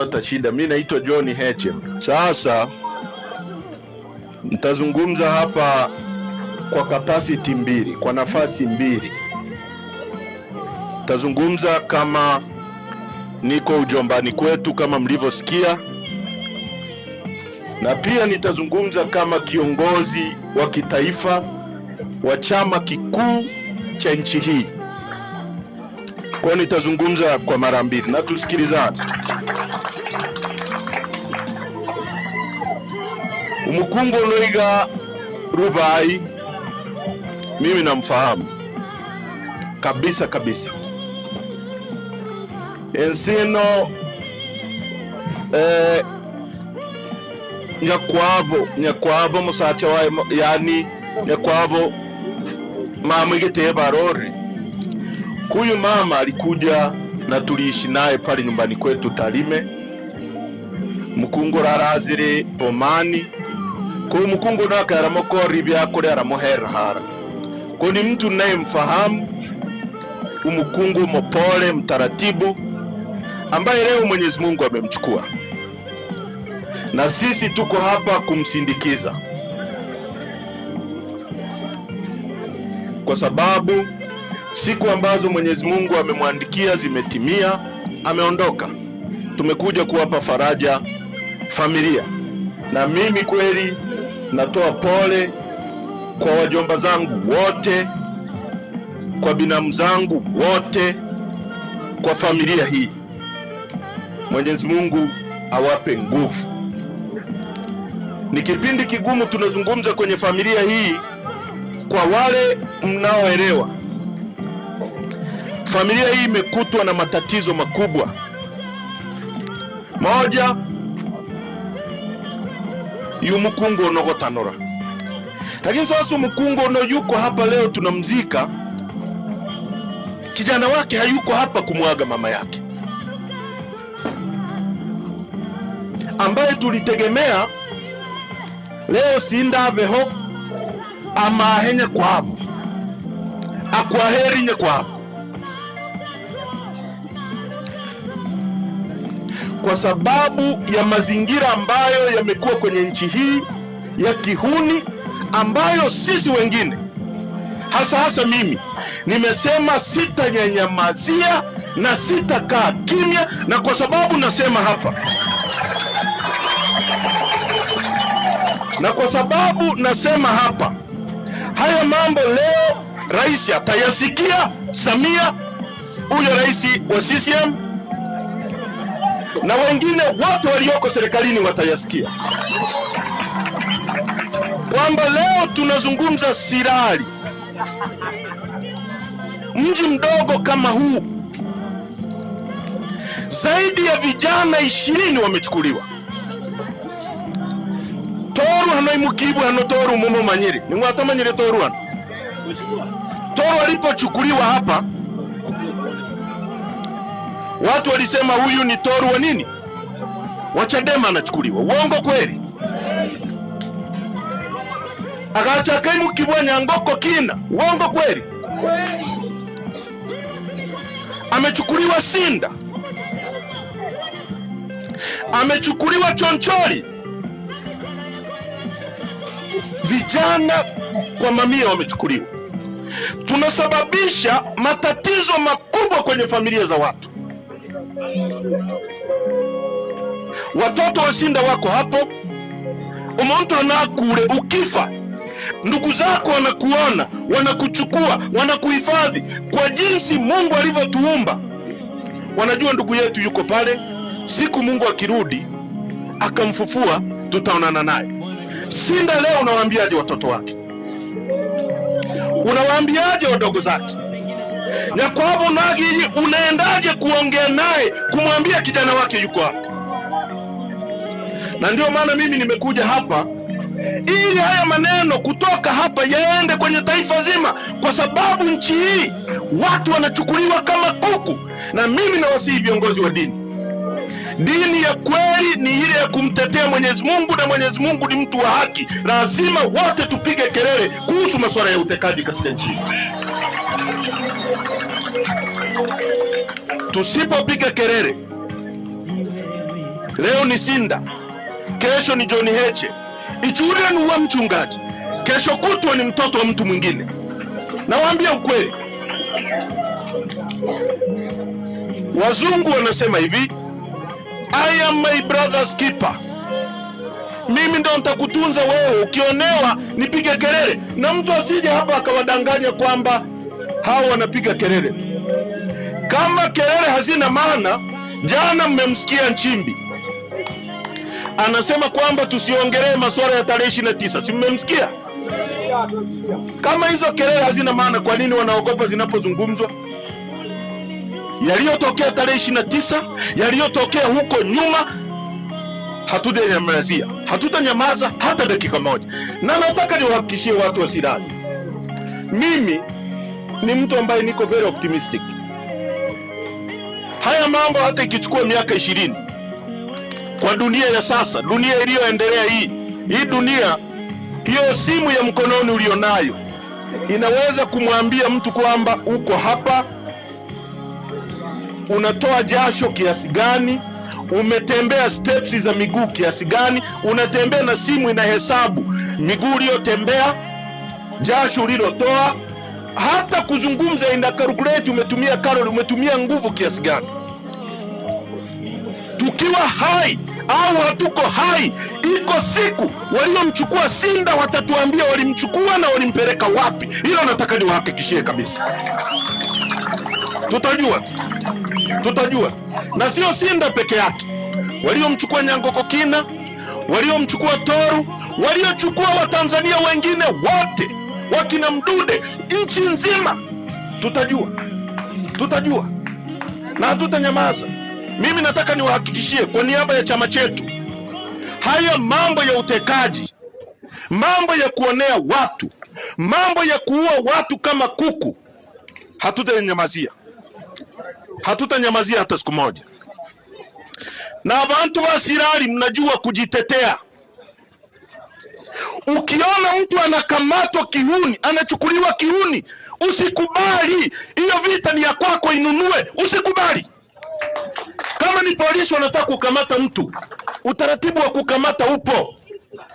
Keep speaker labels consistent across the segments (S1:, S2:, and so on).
S1: kupata shida. Mimi naitwa John Hechem. Sasa nitazungumza hapa kwa capacity mbili, kwa nafasi mbili. Nitazungumza kama niko ujombani kwetu kama mlivyosikia, na pia nitazungumza kama kiongozi wa kitaifa wa chama kikuu cha nchi hii. Kwa nitazungumza kwa mara mbili, na tusikilizane. mukungu Loiga Rubai mimi namfahamu kabisa kabisa. Ensino eh, nyakwavo nyakwavo musacha wa yani nyakwavo mama igitee barori kuyu mama alikuja na tuliishi naye pale nyumbani kwetu Tarime mkungu rarazire Bomani kwa mkungu nake aramokori vyakule aramuherahara. Kwa ni mtu nayemfahamu umukungu mopole mtaratibu, ambaye leo Mwenyezi Mungu amemchukua, na sisi tuko hapa kumsindikiza, kwa sababu siku ambazo Mwenyezi Mungu amemwandikia zimetimia, ameondoka. Tumekuja kuwapa faraja familia na mimi kweli Natoa pole kwa wajomba zangu wote, kwa binamu zangu wote, kwa familia hii. Mwenyezi Mungu awape nguvu. Ni kipindi kigumu tunazungumza kwenye familia hii. Kwa wale mnaoelewa, familia hii imekutwa na matatizo makubwa. Moja, yumukungu onogotanora lakini sasa mkungu ono yuko hapa leo tunamzika kijana wake hayuko hapa kumwaga mama yake ambaye tulitegemea leo sindaveho amahenya kwavo akwaherinye kwavo kwa sababu ya mazingira ambayo yamekuwa kwenye nchi hii ya kihuni, ambayo sisi wengine hasa hasa mimi nimesema sitanyanyamazia na sitakaa kimya, na kwa sababu nasema hapa na kwa sababu nasema hapa, haya mambo leo rais atayasikia Samia, huyo rais wa CCM na wengine wote walioko serikalini watayasikia kwamba leo tunazungumza Sirari, mji mdogo kama huu, zaidi ya vijana ishirini wamechukuliwa toru imukibu hano toru mumo manyiri nimwatamanyire toru hano toru alipochukuliwa hapa Watu walisema huyu ni toru wa nini, wa Chadema anachukuliwa. Uongo kweli? kibwanya nyangoko kina. Uongo kweli? Amechukuliwa Sinda, amechukuliwa Chonchori. Vijana kwa mamia wamechukuliwa, tunasababisha matatizo makubwa kwenye familia za watu watoto washinda wako hapo, umuntu anakule. Ukifa ndugu zako wanakuona, wanakuchukua, wanakuhifadhi kwa jinsi Mungu alivyotuumba. Wanajua ndugu yetu yuko pale, siku Mungu akirudi akamfufua, tutaonana naye. Shinda leo. Unawaambiaje watoto wake? Unawaambiaje wadogo zake? ya kwamba unaendaje kuongea naye kumwambia kijana wake yuko hapa? Na ndio maana mimi nimekuja hapa ili haya maneno kutoka hapa yaende kwenye taifa zima, kwa sababu nchi hii watu wanachukuliwa kama kuku. Na mimi nawasihi viongozi wa dini, dini ya kweli ni ile ya kumtetea Mwenyezi Mungu, na Mwenyezi Mungu ni mtu wa haki. Lazima wote tupige kelele kuhusu masuala ya utekaji katika nchi hii. Tusipopiga kelele leo ni Sinda, kesho ni John Heche, Ijulia ni wa mchungaji, kesho kutwa ni mtoto wa mtu mwingine. Nawaambia ukweli, wazungu wanasema hivi, I am my brother's keeper. Mimi ndo nitakutunza wewe, ukionewa nipige kelele, na mtu asije hapa akawadanganya kwamba hawa wanapiga kelele. Kama kelele hazina maana, jana mmemsikia Nchimbi anasema kwamba tusiongelee masuala ya tarehe ishirini na tisa. Si mmemsikia? Kama hizo kelele hazina maana, kwa nini wanaogopa zinapozungumzwa? Yaliyotokea tarehe ishirini na tisa, yaliyotokea huko nyuma, hatujanyamazia, hatutanyamaza hata dakika moja, na nataka niwahakikishie watu wa Sirari, mimi ni mtu ambaye niko very optimistic Haya mambo hata ikichukua miaka ishirini kwa dunia ya sasa, dunia iliyoendelea hii hii dunia, hiyo simu ya mkononi ulionayo inaweza kumwambia mtu kwamba uko hapa, unatoa jasho kiasi gani, umetembea steps za miguu kiasi gani, unatembea na simu inahesabu miguu uliyotembea, jasho ulilotoa hata kuzungumza ina calculate umetumia kalori, umetumia nguvu kiasi gani. Tukiwa hai au hatuko hai, iko siku waliomchukua Sinda watatuambia walimchukua na walimpeleka wapi. Hilo nataka niwahakikishie kabisa, tutajua, tutajua. Na sio Sinda peke yake, waliomchukua Nyangoko Kina, waliomchukua Toru, waliochukua Watanzania wengine wote wakina Mdude, nchi nzima tutajua, tutajua na hatutanyamaza. Mimi nataka niwahakikishie kwa niaba ya chama chetu, haya mambo ya utekaji, mambo ya kuonea watu, mambo ya kuua watu kama kuku, hatutanyamazia, hatutanyamazia hata siku moja. Na bantu basirali, mnajua kujitetea Ukiona mtu anakamatwa kiuni, anachukuliwa kiuni, usikubali. Hiyo vita ni ya kwako, inunue, usikubali. Kama ni polisi wanataka kukamata mtu, utaratibu wa kukamata upo.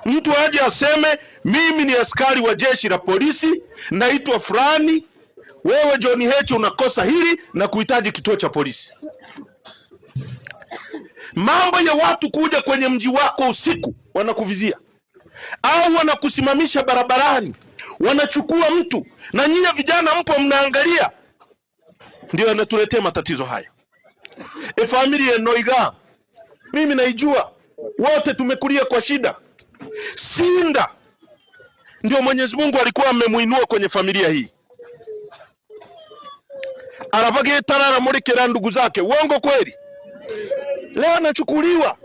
S1: Mtu aje aseme mimi ni askari wa jeshi la polisi, naitwa fulani, wewe John Heche unakosa hili na kuhitaji kituo cha polisi. Mambo ya watu kuja kwenye mji wako usiku wanakuvizia au wanakusimamisha barabarani, wanachukua mtu, na nyinyi vijana mpo mnaangalia. Ndio yanatuletea matatizo haya. E, familia Noiga mimi naijua, wote tumekulia kwa shida. Sinda ndio Mwenyezi Mungu alikuwa amemuinua kwenye familia hii muri aramurikira ndugu zake. Uongo kweli? Leo anachukuliwa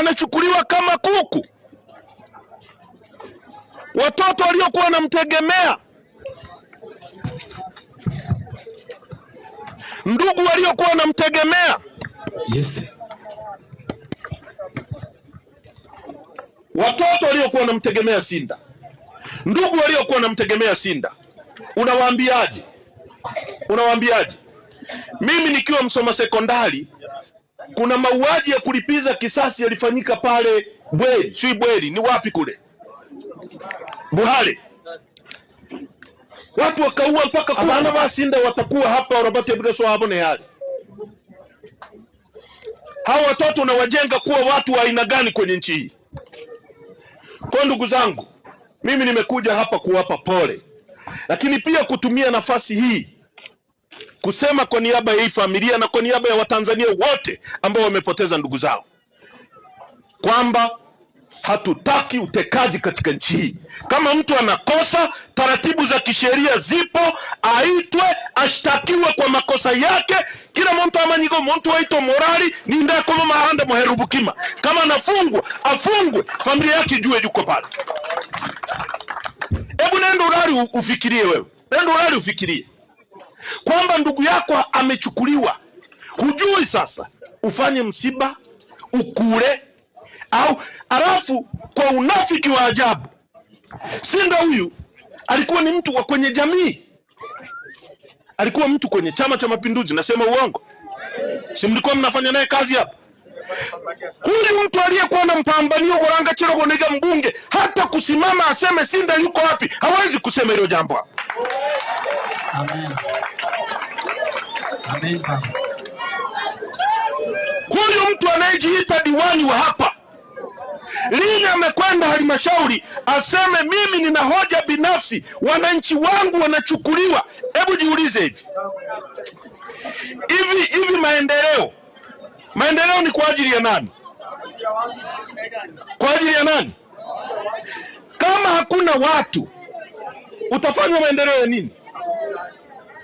S1: anachukuliwa kama kuku. Watoto waliokuwa wanamtegemea, ndugu waliokuwa wanamtegemea, yes. Watoto waliokuwa wanamtegemea Sinda, ndugu waliokuwa wanamtegemea Sinda, unawaambiaje? Unawaambiaje? Mimi nikiwa msoma sekondari kuna mauaji ya kulipiza kisasi yalifanyika pale Bweri, si Bweri, ni wapi kule Buhale, watu wakaua mpaka kuana vasinda watakuwa hapa orabatebireso wabone yale. Hao watoto unawajenga kuwa watu wa aina gani kwenye nchi hii? Kwa ndugu zangu, mimi nimekuja hapa kuwapa pole, lakini pia kutumia nafasi hii kusema kwa niaba ya hii familia na kwa niaba ya Watanzania wote ambao wamepoteza ndugu zao kwamba hatutaki utekaji katika nchi hii. Kama mtu anakosa, taratibu za kisheria zipo, aitwe ashtakiwe kwa makosa yake. kila mtu amanyigo mtu aitwe morali ninda koma mahanda muherubukima kama anafungwa afungwe, familia yake jue yuko pale. Hebu nenda ulali ufikirie, wewe nenda ulali ufikirie kwamba ndugu yako amechukuliwa, hujui sasa ufanye msiba ukule au alafu, kwa unafiki wa ajabu, Sinda huyu alikuwa ni mtu wa kwenye jamii, alikuwa mtu kwenye Chama cha Mapinduzi. Nasema uongo? Si mlikuwa mnafanya naye kazi hapa Huyu mtu aliyekuwa na mpambanio Goranga Chirogo mbunge, hata kusimama aseme Sinda yuko wapi hawezi kusema hilo jambo hapo. Huyu mtu anayejiita diwani wa hapa lini amekwenda halmashauri aseme mimi nina hoja binafsi, wananchi wangu wanachukuliwa? Hebu jiulize hivi hivi hivi, maendeleo maendeleo ni kwa ajili ya nani? Kwa ajili ya nani? Kama hakuna watu utafanywa maendeleo ya nini?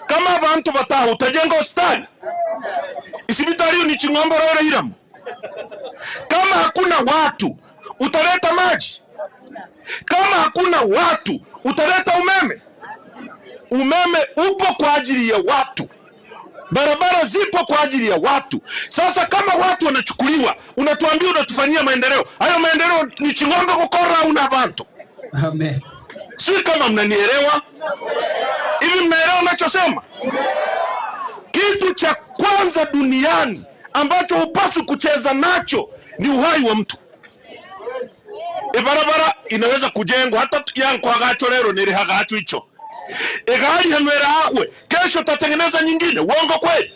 S1: kama abantu bataha utagenga hospitali isibitari ni ching'ombe rohiramo kama hakuna watu utaleta maji kama hakuna watu utaleta umeme umeme upo kwa ajili ya watu barabara zipo kwa ajili ya watu sasa kama watu wanachukuliwa unatuambia unatufanyia maendeleo hayo maendeleo ni ching'ombe kukora una bantu amen Sijui kama mnanielewa. Hivi mnaelewa nachosema? Kitu cha kwanza duniani ambacho hupaswi kucheza nacho ni uhai wa mtu. Ibarabara e, inaweza kujengwa hata yankwagacho lero nilihagacho hicho e, hanwera hawe kesho tatengeneza nyingine. Uongo kweli?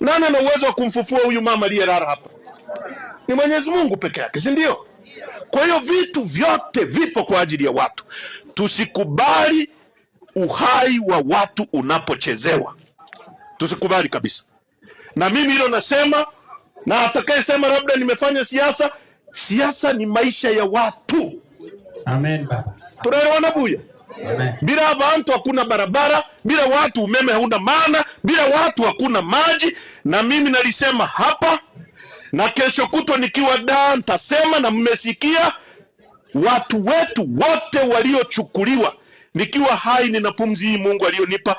S1: Nani ana uwezo wa kumfufua huyu mama aliyelala hapa? Ni Mwenyezi Mungu peke yake, si ndio? Kwa hiyo vitu vyote vipo kwa ajili ya watu. Tusikubali uhai wa watu unapochezewa, tusikubali kabisa. Na mimi hilo nasema, na atakayesema labda nimefanya siasa, siasa ni maisha ya watu.
S2: Amen baba,
S1: tunaelewana buya? Amen. Bila watu hakuna barabara, bila watu umeme hauna maana, bila watu hakuna maji. Na mimi nalisema hapa na kesho kutwa nikiwa daa ntasema, na mmesikia watu wetu wote waliochukuliwa. Nikiwa hai nina pumzi hii Mungu aliyonipa,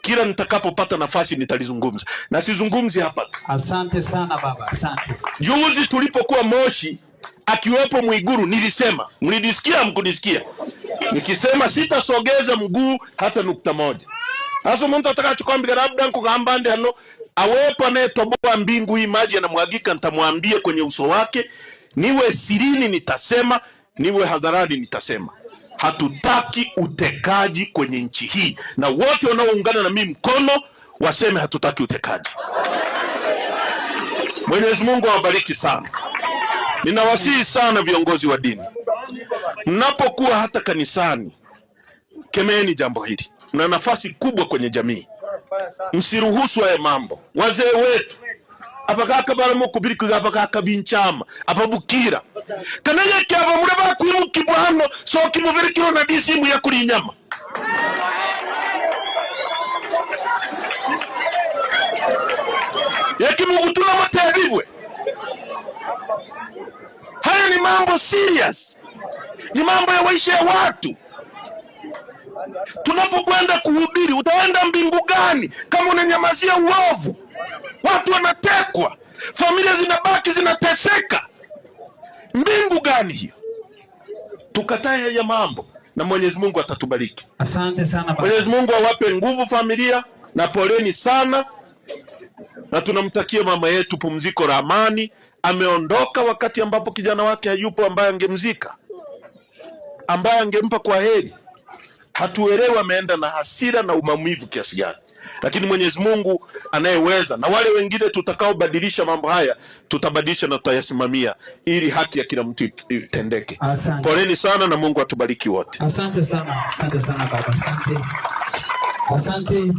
S1: kila nitakapopata nafasi nitalizungumza, na sizungumzi hapa.
S2: Asante sana baba, asante.
S1: Juzi tulipokuwa Moshi akiwepo Mwiguru, nilisema, mlidisikia? Mkunisikia nikisema sitasogeza mguu hata nukta moja. Sasa mtu atakachokwambia labda nkugamba ndi awepo anayetoboa mbingu hii maji yanamwagika, nitamwambia kwenye uso wake. Niwe sirini nitasema, niwe hadharani nitasema. Hatutaki utekaji kwenye nchi hii, na wote wanaoungana na mimi mkono waseme hatutaki utekaji. Mwenyezi Mungu awabariki sana. Ninawasihi sana viongozi wa dini, mnapokuwa hata kanisani, kemeeni jambo hili. Mna nafasi kubwa kwenye jamii msiruhusu haya mambo wazee wetu abagakabaramo kubirikuga abagakabinchama ababukira kananye kyaba bakwimukibwa hano soka imubiri na disimu ya kuri inyama yakimugutuna mutebibwe haya ni mambo serious ni mambo ya maisha ya watu Tunapokwenda kuhubiri, utaenda mbingu gani kama unanyamazia uovu? Watu wanatekwa, familia zinabaki zinateseka, mbingu gani hiyo? Tukatae haya mambo na Mwenyezi Mungu atatubariki.
S2: Asante sana
S1: Mwenyezi Mungu awape nguvu familia, na poleni sana, na tunamtakia mama yetu pumziko la amani. Ameondoka wakati ambapo kijana wake hayupo, ambaye angemzika, ambaye angempa kwa heri hatuelewi ameenda na hasira na umamivu kiasi gani, lakini Mwenyezi Mungu anayeweza, na wale wengine tutakaobadilisha mambo haya tutabadilisha na tutayasimamia ili haki ya kila mtu itendeke. Poleni sana na Mungu atubariki wote.
S2: Asante sana, asante sana baba, asante, asante.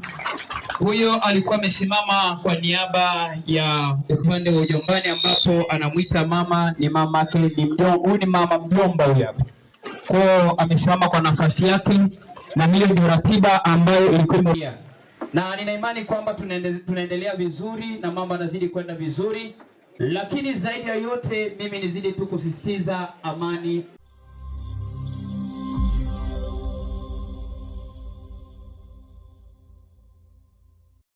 S2: Huyo alikuwa amesimama kwa niaba ya upande wa ujombani, ambapo anamwita mama, ni mamake, ni mjomba, huyu ni mama mjomba huyo hapa kwao amesimama kwa nafasi yake, na hiyo ndio ratiba ambayo ilikuwa na nina imani kwamba tunaendelea vizuri na mambo yanazidi kwenda vizuri, lakini zaidi ya yote mimi nizidi tu kusisitiza amani